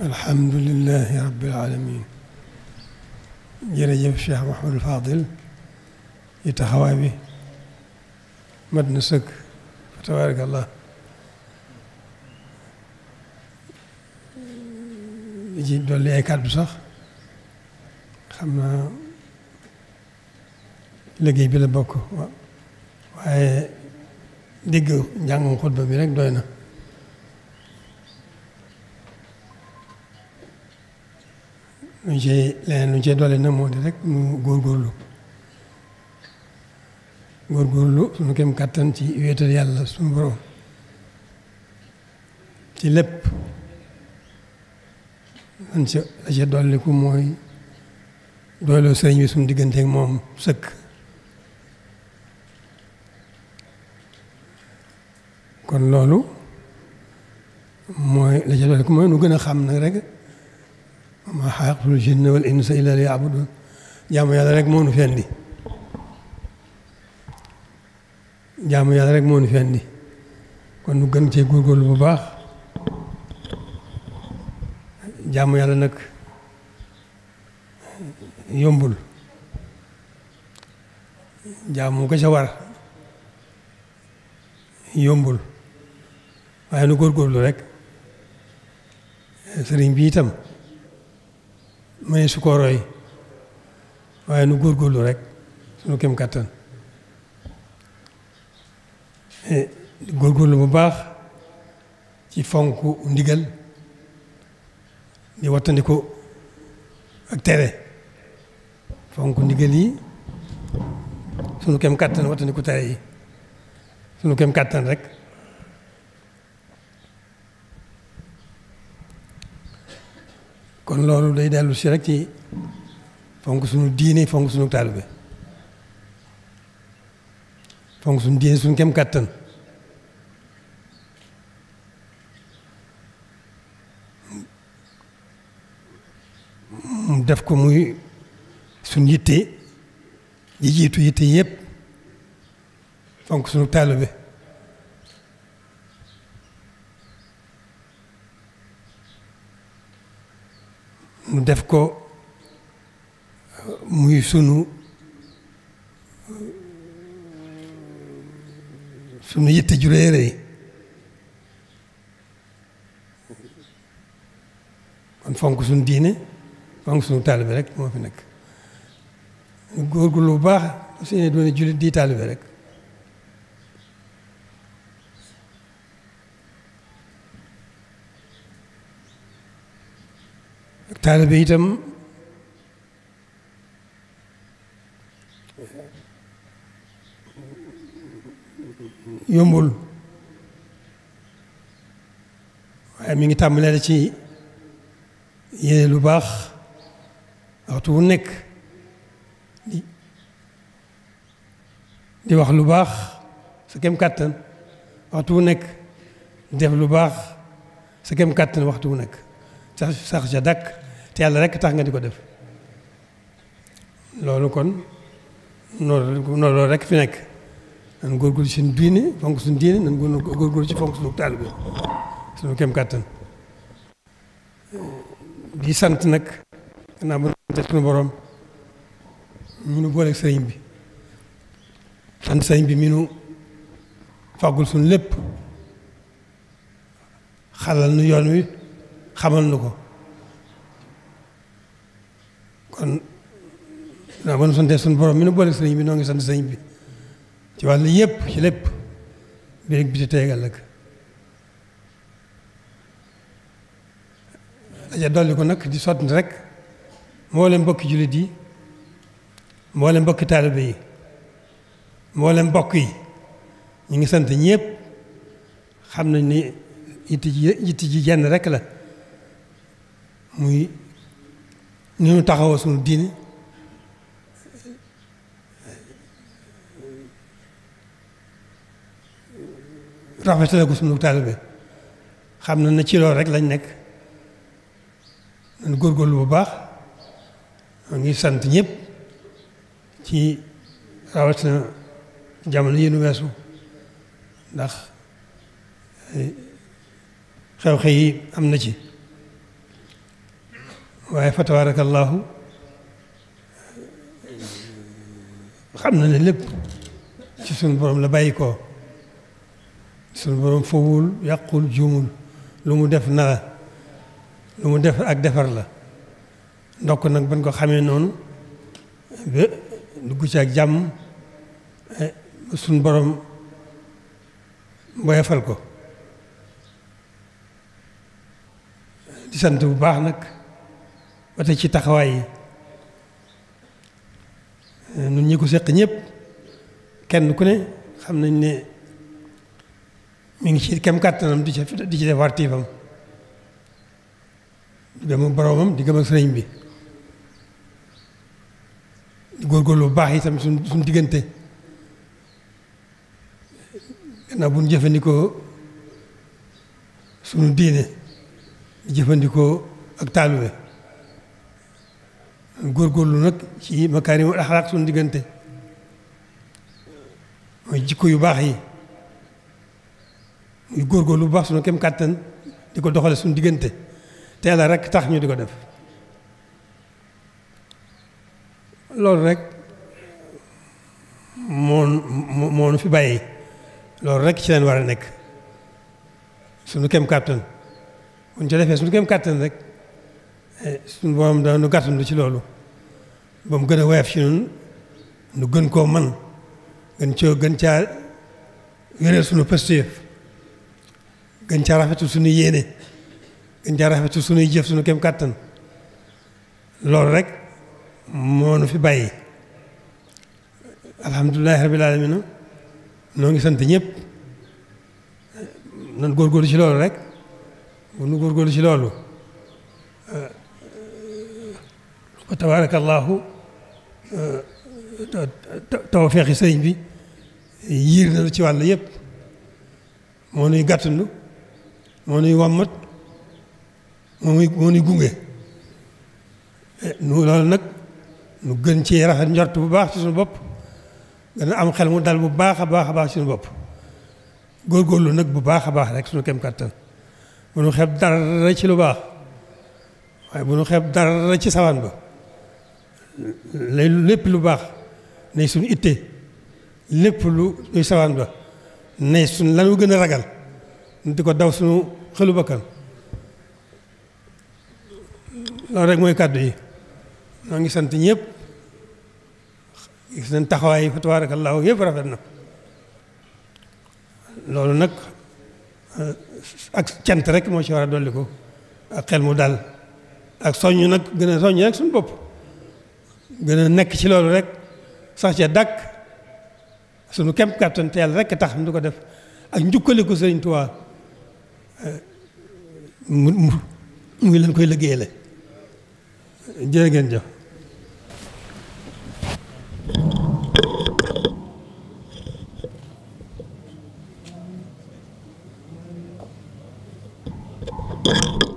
alhamdulilahi rabbil alamin jërëjëf Cheikh Mahmadul Fadil yi taxawaay mat na sëkk fa tabarakallah li ci dolli ay kàddu sax xam naa liggéey bi la bokk waaye dégg njàngum xutba bi rek doy na ñu ngi cee leneen lu ñu cee doole nag moo di rek mu góorgóorlu góorgóorlu suñu kàttan ci wéetal yàlla suñu borom ci lépp lan ca la ca dolliku mooy doyloo sëriñ bi suñu digganteeg moom sëkk kon loolu mooy la ca dolliku mooy nu gën a xam nag rek ma xalaqtul jinna wal insa illa liya'budun jaamu yàlla rek moo nu fi andi yàlla rek moo nu fi kon nu gën cee góorgóorlu bu baax jaamu yàlla nag yombul jaamu ko ca war yombul waaye nu góorgóorlu rek sëriñ bi itam mënee su waaye nu góor góorgóorlu rek sunu kem kàttan eh, góorgóorlu bu baax ci fonk ndigal di wattandiku ak tere fonk ndigal yi sunu kem kàttan wattandiku tere yi sunu kem kàttan rek kon loolu day dellu si rek ci fonk sunu diine fonk suñu taalibe fonk suñu diine suñu kem kàttan mu def ko muy suñu yitte ji jiitu yitte yépp fonk suñu taalibe nu def ko muy sunu sunu yitte ju rëy rëy kon fonk sunu diine fonk sunu taalibe rek moo fi nekk góorgóorlu bu baax su ñu doon jullit di taalibe rek taalibe itam yombul waaye mi ngi tàmbalee la ci yéene lu baax waxtu wu nekk di wax lu baax sa kem kàttan waxtu wu nekk def lu baax sa kem kàttan waxtu wu nekk sax sax sa dàkk te yàlla rek tax nga di ko def loolu kon noor noonu loolu rek fi nekk nan góorgóorlu ci suñu diine fonk suñu diine nan góorgóorlu ci fonk suñu taalibe suñu kem kàttan di sant nag gannaaw bu sant suñu borom bi sant sëriñ bi minu fàggul suñu lépp xalal nu yoon wi xamal nu ko kon naa ba nu suñu borom mi nu boole sëriñ bi noo ngi sëriñ bi ci wàll yëpp ci lépp bi rek bi teegal lëg daja dolli ko nag di sotti rek mboolem mbokki jullit yi mboolem mbokki taalibe yi mboolem mbokk yi ñu ngi sant ñëpp xam na ni yitti ji yitti ji jenn rek la muy ni ñu taxawoo suñu diine rafetale ko taal bi xam na na ci lool rek lañ nekk nañ góorgóorlu bu baax ma ngi sant ñëpp ci rawatina jamono yi nu weesu ndax eh, xew-xew yi am na ci waaye fa tabaarakallaahu xam na ne lépp ci sunu borom la bàyyi koo sunu borom fowul yàqul juumul lu mu def na lu mu def ak defar la ndokk nag bañ ko xamee noonu ba dugg ci ak jàmm eh, sunu borom mboyefal ko di sant bu baax nag. ba ci taxawaay yi ñun ñi ko seq ñëpp kenn ku ne xam nañ ne mi ngi ci kem kàttanam di ci di ci def di gëm ak di gëm sëriñ bi di góorgóorlu bu baax itam suñ suñ diggante gannaaw bu jëfandikoo suñu diine jëfandikoo ak taalube góor góorgóorlu nag ci makaarimul axlaaq suñu diggante mooy jikko yu baax yi muy góorgóorlu bu baax suñu kem kàttan di ko doxale suñu diggante te yàlla rek tax ñu di ko def loolu rek moo moo nu fi bàyyi loolu rek ci leen war a nekk suñu kem kàttan bu ñu ca defee suñu kem kàttan rek suñu borom daa nu gàttandu ci loolu ba mu gën a woyof ci ñun nu gën koo man gën coo gën caa wéreel suñu pastéef gën caa rafetu suñu yéene gën caa rafetu suñuy jëf suñu kem kàttan loolu rek moo nu fi bàyyi alhamdulilahi rabil alamina noo ngi sant ñëpp góor góorgóorlu ci loolu rek bu nu góorgóorlu ci loolu fa tabaarakallaahu euh, euh, tawfeexi sëriñ bi yiir na ci wàll yépp moo nuy gàttandu moo nuy wàmmat moo nuy gunge eh, nu loolu nag nu gën ci rafet njort bu baax ci suñu bopp gën a am xel mu dal bu baax a baax a baax ci suñu bopp góorgóorlu nag bu baax a baax rek suñu kem kàttan bu nu xeeb dara ci lu baax waaye bu nu xeeb dara ci sawaan ba lay lépp lu baax nay suñu ittee lépp lu luy sawaan ba nay suñ lanu gën a ragal di ko daw suñu xelu bakkan loolu rek mooy kàddu yi noo ngi sant ñëpp gis nañ taxawaay yi fa tabaarakallaahu yëpp rafet na loolu nag eh, ak cant rek moo ci war a dolli ko ak xel mu daal ak soññ nag gën a soññ rek suñu bopp gën a nekk ci loolu rek sax ca dàkk sunu kem kàttan teel rek tax ñu ko def ak njukkaliku Sëriñ Tuubaa eh, mu ngi leen koy liggéeyale jërë ngeen jëf